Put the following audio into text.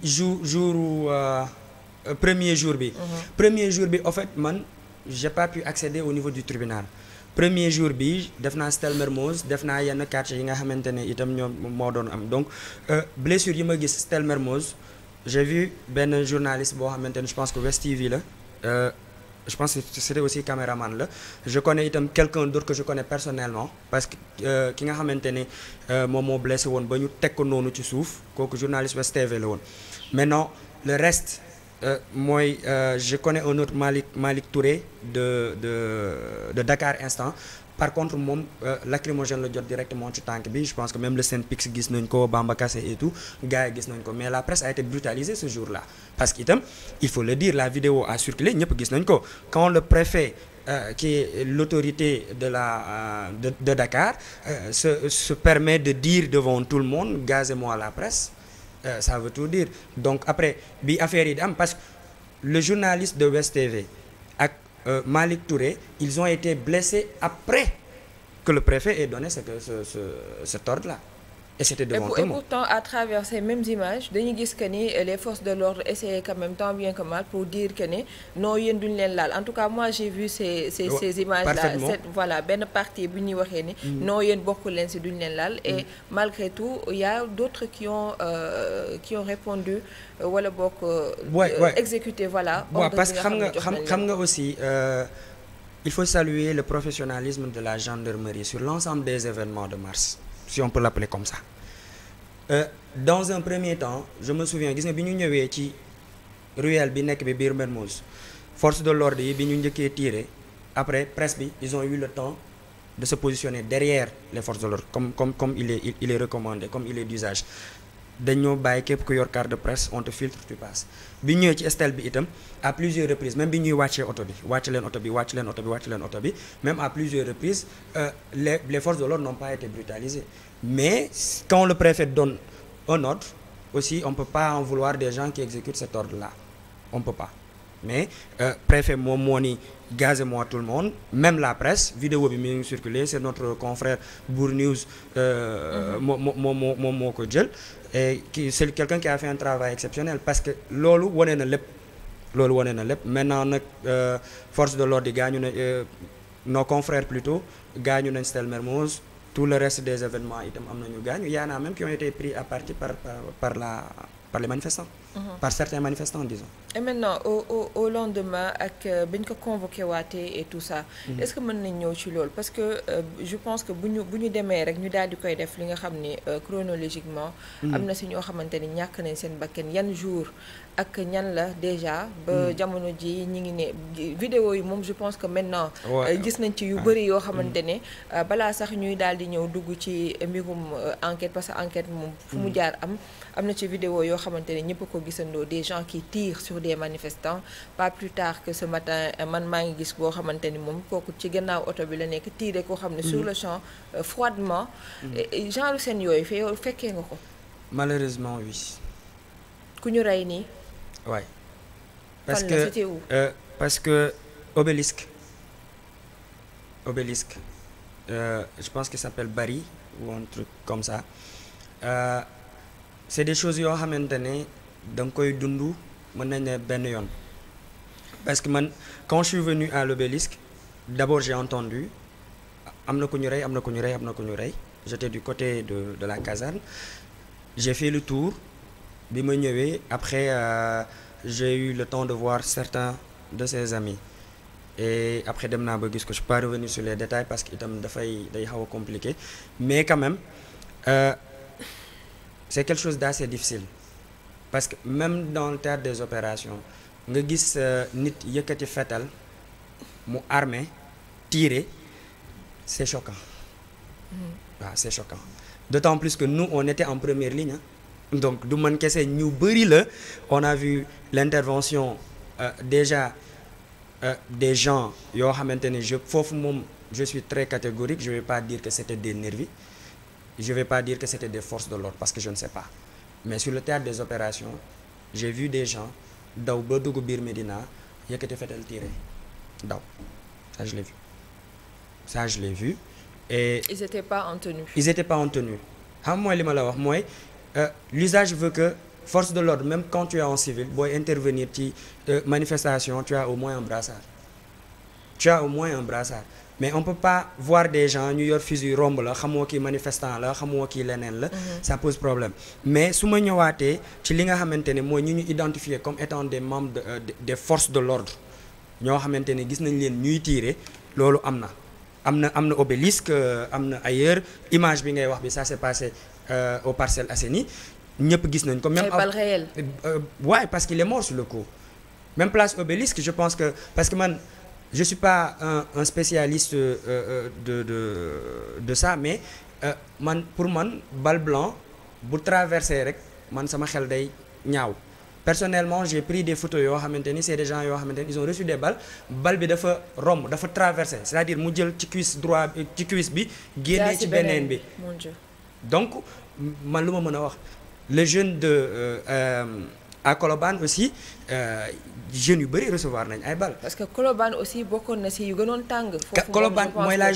jour jour euh, euh, premier jour bi. Mhm. premier jour bi en fait man je pas pu accéder au niveau du tribunal. premier jour bi def naa Stèle Mermoz def naa yenn quartier yi nga xamante ne itam ñoom moo doon am donc euh, blessure yi ma gis Stèle Mermoz j'ai vu benn journaliste boo xamante ne je pense que West TV la. Euh, je pense que c'était aussi caméraman la je connais itam quelqu'un d'autre que je connais personnellement parce que euh, ki nga xamante ne euh, moom moo blessé woon ba ñu teg ko noonu ci suuf kooku journaliste West TV la woon maintenant le rest Euh, mooy euh, je connais un autre Malick Malick Touré de de de Dakar Instant par contre moom euh, lacrymogène la jot directement ci tànk bi je pense que même le SYNPICS gis nañ ko Bamba et tout gars gis nañ ko mais la presse a été brutalisée ce jour-là parce que itam faut le dire la vidéo a circulé ñëpp gis nañ ko quand le préfet Euh, qui est l'autorité de la euh, de, de Dakar euh, se se permet de dire devant tout le monde gazez-moi la presse euh, ça veut tout dire donc après bi affaire yi di am parce que le journaliste de West TV euh, Malick Touré ils ont été blessés après que le préfet ait donné ce, ce, ce, cet ordre-là et c'était devant pourtant à travers ces mêmes images dañuy gis que ni euh, les forces de l'ordre essayaient quand même tant bien que mal pour dire que ni non yéen duñ leen laal en tout cas moi j'ai vu ces ces ces images là cette partie bu ñuy waxee ni mm. non yéen bokkul leen si duñ leen laal et mm. malgré tout il y a d'autres qui ont euh, qui ont répondu euh, wala bokk euh, exécuté voilà waaw parce que xam xam nga aussi euh, il faut saluer le professionnalisme de la gendarmerie sur l'ensemble des événements de mars si on peut l'appeler comme ça euh, dans un premier temps je me souviens gis nga bi ñu ñëwee ci ruelle bi nekk bi biir Mermoz force de l'ordre yi bi ñu njëkkee tiire après presse bi ils ont eu le temps de se positionner derrière les forces de l'ordre comme comme comme il est il, il recommandé comme il est d'usage dañoo bàyyi képp ku yor carte de presse on te filtre tu passes bi ñëwee ci stèle bi itam à plusieurs reprises même bi ñuy wàccee oto bi wàcc leen oto bi wàcc leen oto bi wàcc leen bi même à plusieurs reprises euh, les les forces de l'ordre n'ont pas été brutalisées mais quand le préfet donne un ordre aussi on peut pas en vouloir des gens qui exécutent cet ordre là on peut pas mais euh, préfet moom moo ni gazez-moi tout le monde même la presse vidéo bi mi ngi circulé c'est notre confrère Bour News euh, mm-hmm. moo moo moo moom moo ko jël e qui c'est quelqu'un qui a fait un travail exceptionnel parce que loolu wane na lépp loolu wane na lépp maintenant nag euh, force de l'ordre di gaañu na euh, nos confrères plutôt gaañu nañ Stèle Mermoz tout le reste des événements itam am nañu gaañu y en même qui ont été pris à partie par par, par la par les manifestants Mhm. par certains manifestants disons. et maintenant au au lendemain ak euh, bi ko convoqué waatee et tout ça. Mhm. est ce que mën nañ ñëw ci lool parce que euh, je pense que bu ñu bu ñu demee rek ñu daal di koy def li nga xam ni euh, chronologiquement. Mhm. am na si ñoo xamante ni ñàkk nañ seen bakken yan jour ak ñan la déjà. ba jamono ji ñi ngi ne vidéo yi moom je pense que maintenant. gis nañ ci yu bëri yoo xamante ne balaa sax ñuy daal di ñëw dugg ci mbirum enquête parce que enquête moom. fu mu jaar am am na ci vidéo yoo xamante gisandoo des gens qui tirent sur des manifestants pas plus tard que ce matin man maa ngi gis boo xamante ni moom kooku ci gannaaw oto bi la nekk tiire koo xam ne sur mm-hmm. le champ euh, froidement mm-hmm. genre seen yooyu fa yow fekkee nga ko malheureusement oui ku ñu rey nii waay parce que euh, parce que obélisque obélisque euh, je pense qu'il s'appelle Barry ou truc comme ça euh, c'est des choses yoo xamante da nga koy dund mën nañ ne benn yoon parce que man quand je suis venu à l'obélisque d'abord j'ai entendu am na ko ñu rey am na ku ñu rey am na ku ñu rey j'étais du côté de de la caserne j'ai fait le tour bi ma ñëwee après euh, j'ai eu le temps de voir certains de ses amis et après dem naa ba gis ko je peux pas revenir sur les détails parce que itam dafay day xaw a compliqué mais quand même euh, c'est quelque chose d'assez difficile parce que même dans le théâtre des opérations nga gis euh, nit yëkkati fetal mu armé tiré c'est choquant mm-hmm. waaw c'est choquant d'autant plus que nous on était en première ligne hein. donc du man kese ñu bëri la on a vu l'intervention euh, déjà euh, des gens yoo xamante ne je foofu moom je suis très catégorique je vais pas dire que c'était des nervis je vais pas dire que c'était des forces de l'ordre parce que je ne sais pas mais sur le théâtre des opérations j'ai vu des gens daw ba dugg biir Médina yëkkati fetal tiré daw ça je l'ai vu ça je l'ai vu et. ils étaient pas en tenue. ils étaient pas en tenue xam mooy li ma la wax mooy euh, l'usage veut que force de l'ordre même quand tu es en civil booy intervenir ci euh, manifestation tu as au moins un brassard tu as au moins un brassard. mais on peut pas voir des gens ñu yor fusil romb la xamoo kii manifestant la xamoo kii leneen la. Mhm. ça pose problème mais su ma ñëwaatee ci li nga xamante ne mooy ñu ñu identifier comme étant des membres de euh, des forces de l'ordre ñoo xamante ne gis nañ leen ñuy tiire loolu am na. am na am na obélisque euh, am na ay ailleurs image bi ngay wax bi ça s'est passé euh, au Parcelles Assainies ñëpp gis nañ ko. même ay waaye euh, parce qu'il est mort sur ko coup place obélisque je pense que je suis pas un, un spécialiste euh, euh, de de de ça mais euh, man pour man bal blanc bu traverser rek man sama xel day ñaaw personnellement j'ai pris de photos yoo xamante ni c'est des gens yoo xamante ni ils ont reçu des balles bal bi dafa romb dafa traversé c'est-à-dire mu jël ci cuisse droit ci kuise bi génnee ci beneen bi donc man lu ma mën a wax le jeune de euh, à Colobane aussi euh, jeunes yu bëri recevoir nañ ay bal parce que Colobane aussi bokkoon na si yu gënoon tàng. foofu Colobane mooy la